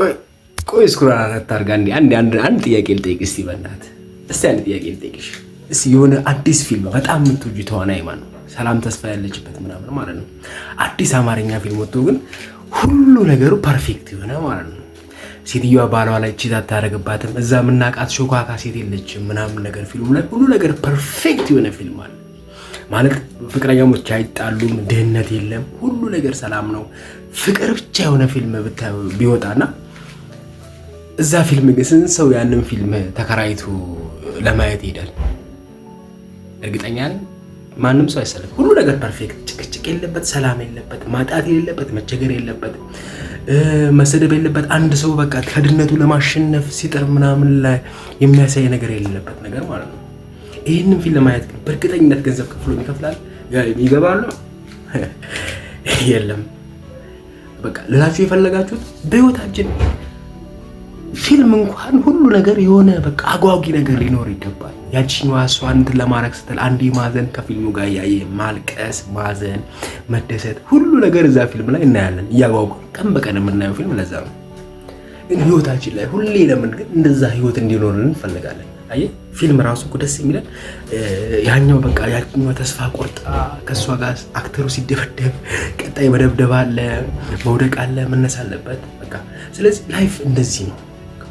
ቆይ እስኩራን አታርጋ። አንድ አንድ አንድ ጥያቄ ልጠይቅ እስቲ፣ በእናትህ እስቲ አንድ ጥያቄ ልጠይቅሽ እስቲ። የሆነ አዲስ ፊልም በጣም የምትወጂው ተዋናይ ማን ነው? ሰላም ተስፋ ያለችበት ምናምን ማለት ነው። አዲስ አማርኛ ፊልም ወጥቶ ግን ሁሉ ነገሩ ፐርፌክት የሆነ ማለት ነው። ሴትዮዋ ባሏ ላይ ቺት አታደርግባትም። እዛ የምናውቃት ሾካካ ሴት የለችም ምናምን ነገር ፊልሙ ላይ ሁሉ ነገር ፐርፌክት የሆነ ፊልም አለ ማለት ፍቅረኛሞች አይጣሉም፣ ድህነት የለም፣ ሁሉ ነገር ሰላም ነው፣ ፍቅር ብቻ የሆነ ፊልም ቢወጣና እዛ ፊልም ግን ስንት ሰው ያንን ፊልም ተከራይቶ ለማየት ይሄዳል? እርግጠኛ ነኝ ማንም ሰው አይሰለፍ። ሁሉ ነገር ፐርፌክት፣ ጭቅጭቅ የለበት፣ ሰላም የለበት፣ ማጣት የሌለበት፣ መቸገር የለበት፣ መሰደብ የለበት፣ አንድ ሰው በቃ ከድነቱ ለማሸነፍ ሲጥር ምናምን ላይ የሚያሳይ ነገር የሌለበት ነገር ማለት ነው። ይህንን ፊልም ለማየት ግን በእርግጠኝነት ገንዘብ ከፍሎ ይከፍላል ይገባሉ የለም በቃ ልላችሁ የፈለጋችሁት በህይወታችን ፊልም እንኳን ሁሉ ነገር የሆነ በቃ አጓጊ ነገር ሊኖር ይገባል። ያቺኛዋ እሷን እንትን ለማድረግ ስትል አንዴ ማዘን ከፊልሙ ጋር እያየ ማልቀስ፣ ማዘን፣ መደሰት ሁሉ ነገር እዛ ፊልም ላይ እናያለን። እያጓጓ ቀን በቀን የምናየው ፊልም ለዛ ነው። ህይወታችን ላይ ሁሌ ለምን ግን እንደዛ ህይወት እንዲኖርን እንፈልጋለን? አየህ ፊልም ራሱ እኮ ደስ የሚለን ያኛው በቃ ያኛው ተስፋ ቆርጣ ከእሷ ጋር አክተሩ ሲደበደብ ቀጣይ መደብደብ አለ፣ መውደቅ አለ፣ መነሳ አለበት። በቃ ስለዚህ ላይፍ እንደዚህ ነው።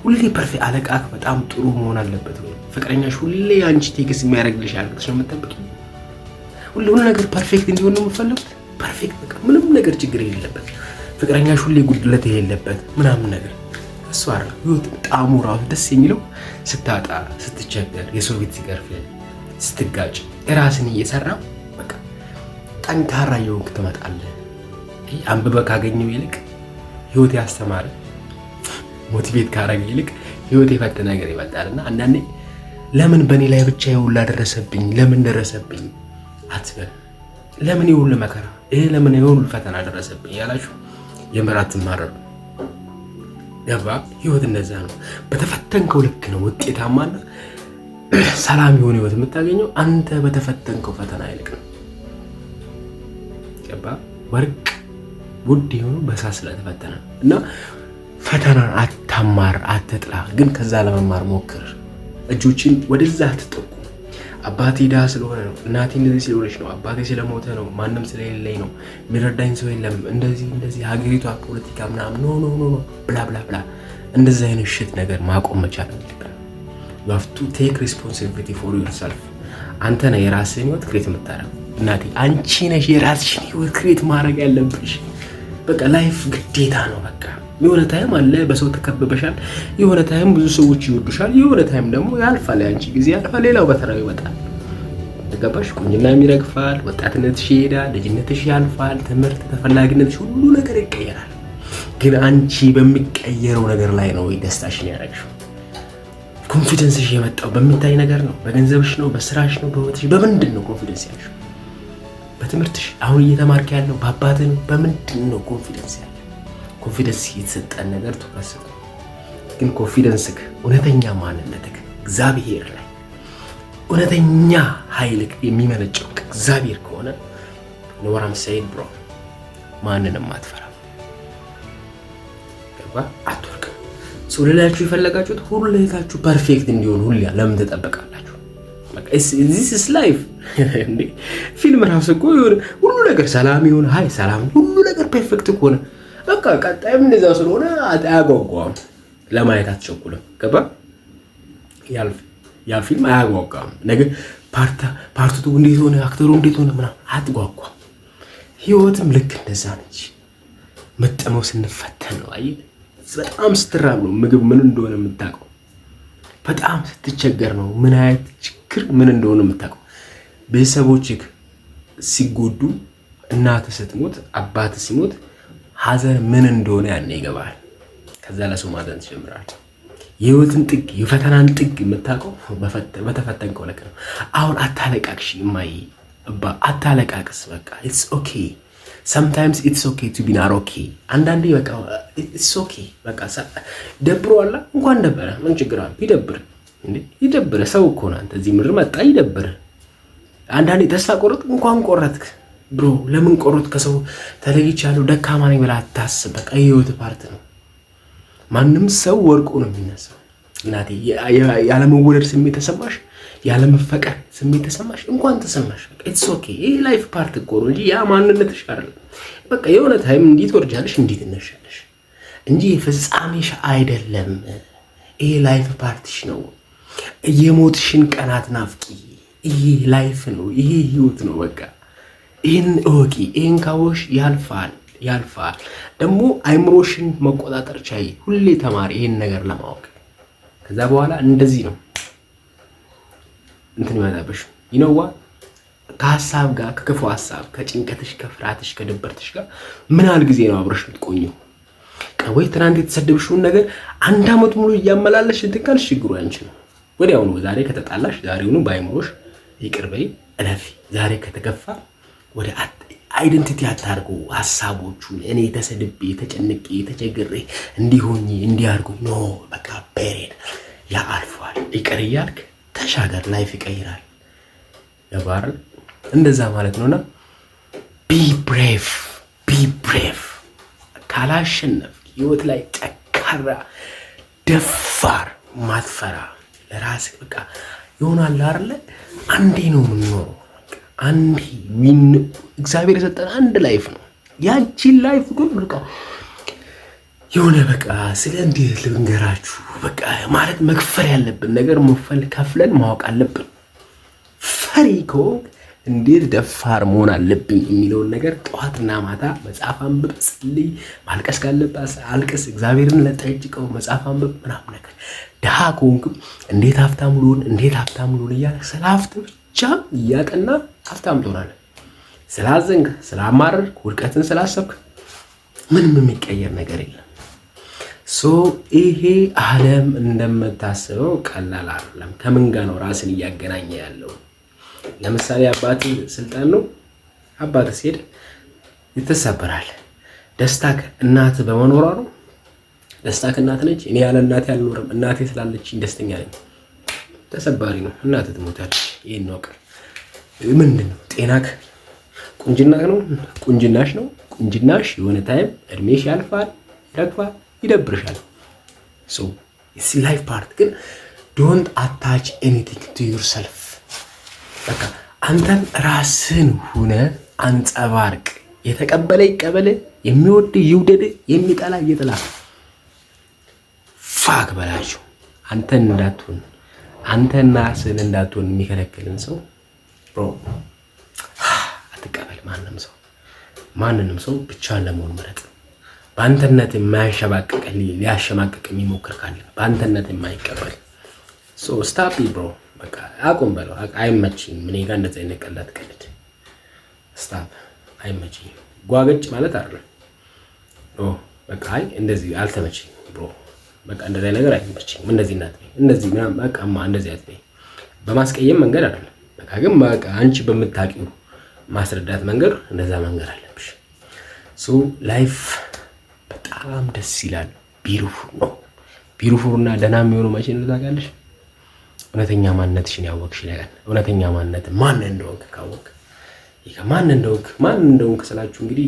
ሁሌ ፐርፌ አለቃክ በጣም ጥሩ መሆን አለበት። ፍቅረኛሽ ሁሌ አንቺ ቴክስ የሚያደርግልሽ አለቅሽ ነው የምጠብቂው። ሁሌ ሁሉ ነገር ፐርፌክት እንዲሆን ነው የምፈልጉት። ፐርፌክት በቃ ምንም ነገር ችግር የሌለበት ፍቅረኛሽ ሁሌ ጉድለት የሌለበት ምናምን ነገር እሱ አረ ህይወት ጣሙ ራሱ ደስ የሚለው ስታጣ፣ ስትቸገር፣ የሰው ቤት ሲገርፍ፣ ስትጋጭ እራስን እየሰራ በቃ ጠንካራ የሆንክ ትመጣለህ። አንብበ ካገኘው ይልቅ ህይወት ያስተማረ ሞቲቬት ካረገ ይልቅ ህይወት የፈተነ ነገር ይበልጣል እና አንዳንዴ ለምን በእኔ ላይ ብቻ የሁላ ደረሰብኝ ለምን ደረሰብኝ አትበል። ለምን የሁሉ መከራ ይሄ ለምን የሁሉ ፈተና ደረሰብኝ ያላችሁ የምራት አትማረሩ። ገባ ህይወት እንደዛ ነው። በተፈተንከው ልክ ነው ውጤታማና ሰላም የሆነ ህይወት የምታገኘው አንተ በተፈተንከው ፈተና ይልቅ ነው። ገባ ወርቅ ውድ የሆኑ በእሳት ስለተፈተነ እና ፈተናን አታማር፣ አትጥላ፣ ግን ከዛ ለመማር ሞክር። እጆችን ወደዛ አትጠቁ። አባቴ ድሃ ስለሆነ ነው፣ እናቴ እንደዚህ ስለሆነች ነው፣ አባቴ ስለሞተ ነው፣ ማንም ስለሌለኝ ነው፣ የሚረዳኝ ሰው የለም፣ እንደዚህ እንደዚህ፣ ሀገሪቷ ፖለቲካ ምናምን ኖ ኖ ኖ ብላ ብላ ብላ፣ እንደዚህ አይነት ሽት ነገር ማቆም መቻል አለብን። ቴክ ሪስፖንሲቢሊቲ ፎር ዩር አንተ ነህ የራስህን ህይወት ክሬት የምታደርገው። እናቴ አንቺ ነሽ የራስሽን ህይወት ክሬት ማድረግ ያለብሽ። በቃ ላይፍ ግዴታ ነው በቃ የሆነ ታይም አለ በሰው ተከበበሻል። የሆነ ታይም ብዙ ሰዎች ይወዱሻል። የሆነ ታይም ደግሞ ያልፋል፣ ያንቺ ጊዜ ያልፋል፣ ሌላው በተራው ይወጣል። ተገባሽ? ቁንጅናም ይረግፋል፣ ወጣትነትሽ ይሄዳል፣ ልጅነትሽ ያልፋል፣ ትምህርት ተፈላጊነትሽ፣ ሁሉ ነገር ይቀየራል። ግን አንቺ በሚቀየረው ነገር ላይ ነው ደስታሽን ያደረግሽው። ኮንፊደንስሽ የመጣው በሚታይ ነገር ነው። በገንዘብሽ ነው፣ በስራሽ ነው፣ በህይወትሽ በምንድን ነው ኮንፊደንስ ያልሽው? በትምህርትሽ አሁን እየተማርክ ያለው በአባት ነው። በምንድን ነው ኮንፊደንስ ያለው? ኮንፊደንስ የተሰጠን ነገር ትኩረት ግን ኮንፊደንስክ እውነተኛ ማንነትክ እግዚአብሔር ላይ እውነተኛ ኃይልክ የሚመነጨው እግዚአብሔር ከሆነ ኖራም ሰይድ ብሮ ማንንም አትፈራ ገባ አትወርቅ ሰው ሌላችሁ የፈለጋችሁት ሁሉ ለይታችሁ ፐርፌክት እንዲሆን ሁሉ ለምን ትጠበቃላችሁ? ዚስ ላይፍ ፊልም ራሱ እኮ ሁሉ ነገር ሰላም ይሁን ሀይ ሰላም ሁሉ ነገር ፐርፌክት ከሆነ በቃ ቀጣይም እንደዛ ስለሆነ አያጓጓም። ለማየት አትቸኩልም። ገባ ያ ፊልም አያጓጓም። ነገ ፓርቲቱ እንዴት ሆነ፣ አክተሩ እንዴት ሆነ ምናምን አትጓጓም። ህይወትም ልክ እንደዛ ነች። መጠመው ስንፈተን ነው። በጣም ስትራብ ነው ምግብ ምን እንደሆነ የምታውቀው። በጣም ስትቸገር ነው ምን አይነት ችግር ምን እንደሆነ የምታውቀው። ቤተሰቦችህ ሲጎዱ፣ እናትህ ስትሞት፣ አባትህ ሲሞት ሀዘን ምን እንደሆነ ያኔ ይገባል። ከዛ ለሰው ማዘን ትጀምራል። የህይወትን ጥግ የፈተናን ጥግ የምታውቀው በተፈተንከው ልክ ነው። አሁን አታለቃቅሽ ማይ እባ አታለቃቅስ። በቃ ኢትስ ኦኬ ሰምታይምስ ኢትስ ኦኬ ቱ ቢ ኦኬ። አንዳንዴ በቃ ኢትስ ኦኬ በቃ ደብሮ አላ እንኳን ደበረ ምን ችግር አለ? ይደብር እንዴ ሰው እኮ ነው አንተ እዚህ ምድር መጣ ይደብር። አንዳንዴ ተስፋ ቆረጥ እንኳን ቆረጥክ ብሮ ለምን ቆሮት ከሰው ተለይቻለሁ ደካማ ነኝ ብላ አታስብ። በቃ የህይወት ፓርት ነው። ማንም ሰው ወርቁ ነው የሚነሳው። እናቴ ያለመወደድ ስሜት ተሰማሽ፣ ያለመፈቀር ስሜት ተሰማሽ፣ እንኳን ተሰማሽ። ኢትስ ኦኬ። ይህ ላይፍ ፓርት እኮ ነው እንጂ ያ ማንነትሽ አይደለም። በቃ የሆነ ታይም እንዲህ ትወርጃለሽ፣ እንዲህ ትነሻለሽ እንጂ ፍጻሜሽ አይደለም። ይሄ ላይፍ ፓርትሽ ነው። የሞትሽን ቀናት ናፍቂ። ይሄ ላይፍ ነው። ይሄ ህይወት ነው በቃ ይህን እወቂ። ይህን ካወሽ ያልፋል ያልፋል። ደግሞ አይምሮሽን መቆጣጠር ቻይ። ሁሌ ተማሪ ይህን ነገር ለማወቅ ከዛ በኋላ እንደዚህ ነው እንትን ይመጣብሽ ይነዋ ከሀሳብ ጋር ከክፉ ሀሳብ ከጭንቀትሽ ከፍርሃትሽ ከድበርትሽ ጋር ምን ያህል ጊዜ ነው አብረሽ የምትቆኘው? ወይ ትናንት የተሰደብሽውን ነገር አንድ አመት ሙሉ እያመላለሽ እንትካል ችግሩ አንቺ ነው። ወዲያውኑ ዛሬ ከተጣላሽ ዛሬውኑ በአይምሮሽ ይቅር በይ እለፊ። ዛሬ ከተከፋ ወደ አይደንቲቲ አታርጉ ሀሳቦቹን። እኔ ተሰድቤ ተጨንቄ ተቸግሬ እንዲሆኝ እንዲያርጉ ኖ በቃ ፔሬድ ያ አልፏል። ይቅር እያልክ ተሻገር። ላይፍ ይቀይራል። ገባር እንደዛ ማለት ነውና ቢ ብሬቭ ቢ ብሬቭ። ካላሸነፍ ህይወት ላይ ጠንካራ ደፋር ማትፈራ ለራስ በቃ ይሆናል አይደለ? አንዴ ነው የምንኖረው አንድ እግዚአብሔር የሰጠን አንድ ላይፍ ነው። ያቺን ላይፍ ግን በቃ የሆነ በቃ ስለ እንዴት ልንገራችሁ፣ በቃ ማለት መክፈል ያለብን ነገር መፈል ከፍለን ማወቅ አለብን። ፈሪ ከሆንክ እንዴት ደፋር መሆን አለብኝ የሚለውን ነገር ጠዋትና ማታ መጽሐፍ አንብብ፣ ጸልይ። ማልቀስ ካለብህ አልቅስ፣ እግዚአብሔርን ለጠይቀው፣ መጽሐፍ አንብብ ምናምን ነገር። ድሃ ከሆንክም እንዴት ሀብታም ልሆን፣ እንዴት ሀብታም ልሆን እያለ ስለ ሀብት ብቻ እያጠና ሀብታም ትሆናለህ። ስላዘንክ፣ ስላማረርክ፣ ውድቀትን ስላሰብክ ምንም የሚቀየር ነገር የለም። ሶ ይሄ ዓለም እንደምታስበው ቀላል አይደለም። ከምን ጋር ነው ራስን እያገናኘ ያለው? ለምሳሌ አባት ስልጣን ነው። አባት ሲሄድ ይተሰበራል። ደስታ እናት በመኖሯ ነው። ደስታ እናት ነች። እኔ ያለ እናቴ አልኖርም፣ እናቴ ስላለችኝ ደስተኛ ነኝ። ተሰባሪ ነው። እናት ትሞታለች። ይህን ምንድን ነው ጤናክ? ቁንጅናክ ነው ቁንጅናሽ ነው ቁንጅናሽ? የሆነ ታይም እድሜሽ ያልፋል፣ ይረግፋል፣ ይደብርሻል። ሶ ላይፍ ፓርት ግን ዶንት አታች ኤኒቲንግ ቱ ዩርሰልፍ። በቃ አንተን ራስን ሁነ አንጸባርቅ። የተቀበለ ይቀበል፣ የሚወድ ይውደድ፣ የሚጠላ ይጥላ። ፋክ በላችሁ አንተን እንዳትሆን አንተን ራስን እንዳትሆን የሚከለክልን ሰው ብሮ አትቀበል። ማንም ሰው ማንንም ሰው ብቻህን ለመሆን ምረጥ። በአንተነት የማያሸማቅቅ ሊያሸማቅቅ የሚሞክር ካለ በአንተነት የማይቀበል ብሮ በቃ አቁም በለው። አይመችኝም፣ አይነት ቀላት ቀልድ ስታፕ አይመችኝም። ጓገጭ ማለት አይደለም በቃ አይ እንደዚህ አልተመችኝም ብሮ በቃ እንደዚህ ነገር አይመችኝም፣ እንደዚህ እንደዚህ እንደዚህ አትበይ። በማስቀየም መንገድ አይደለም በቃ ግን አንቺ በምታውቂው ማስረዳት መንገድ እንደዛ መንገድ አለብሽ። ሶ ላይፍ በጣም ደስ ይላል። ቢሩፉር ነው። ቢሩፉር እና ደህና የሚሆነው መቼ ነው ታውቂያለሽ? እውነተኛ ማንነትሽን ያወቅሽ ነገር እውነተኛ ማንነት ማን እንደሆንክ ካወቅ ይሄ ማን እንደሆንክ ማን እንደሆንክ ስላችሁ እንግዲህ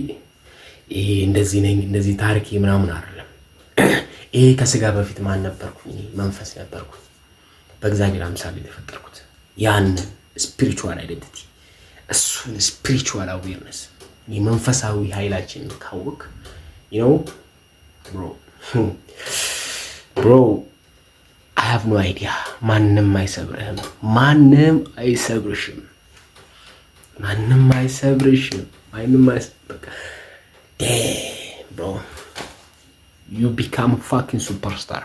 ይሄ እንደዚህ ነኝ እንደዚህ ታሪክ ምናምን አይደለም። ይሄ ከስጋ በፊት ማን ነበርኩኝ? መንፈስ ነበርኩኝ። በእግዚአብሔር አምሳል የተፈጠርኩት ያንን ስፒሪቹዋል አይደንቲቲ እሱን ስፒሪቹዋል አዌርነስ የመንፈሳዊ ኃይላችን ካወቅ ነው ብሮ ብሮ አይ ሃቭ ኖ አይዲያ። ማንም አይሰብርህም። ማንም አይሰብርሽም። ማንም አይሰብርሽም። ማንም አይሰብርሽም። ብሮ ዩ ቢካም ፋኪን ሱፐርስታር።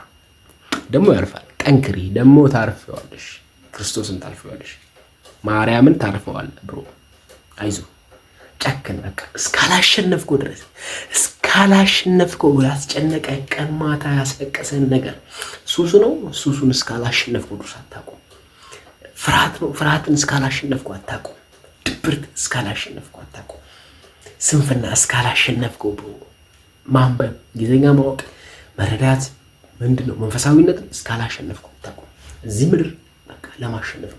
ደግሞ ያርፋል። ጠንክሪ፣ ደግሞ ታርፊዋለሽ። ክርስቶስን ታርፊዋለሽ። ማርያምን ታርፈዋል ብሮ አይዞ ጨክን በቃ እስካላሸነፍኮ ድረስ እስካላሸነፍኮ ያስጨነቀ ቀን ማታ ያስለቀሰን ነገር ሱሱ ነው። ሱሱን እስካላሸነፍኮ ድረስ አታቁም። ፍርሃት ነው። ፍርሃትን እስካላሸነፍኮ አታቁም። ድብርት እስካላሸነፍኮ አታቁም። ስንፍና እስካላሸነፍኮ ብሮ ማንበብ፣ ጊዜኛ ማወቅ፣ መረዳት ምንድን ነው መንፈሳዊነትን እስካላሸነፍኮ አታቁም። እዚህ ምድር በቃ ለማሸነፍ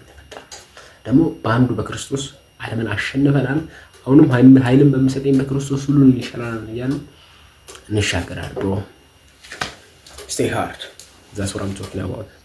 ደግሞ በአንዱ በክርስቶስ ዓለምን አሸንፈናል። አሁንም ኃይልን በሚሰጠኝ በክርስቶስ ሁሉ እንሸናናል እያሉ እንሻገራል ብሎ ስቴይ ሃርድ ዛስ ወር አም አባውት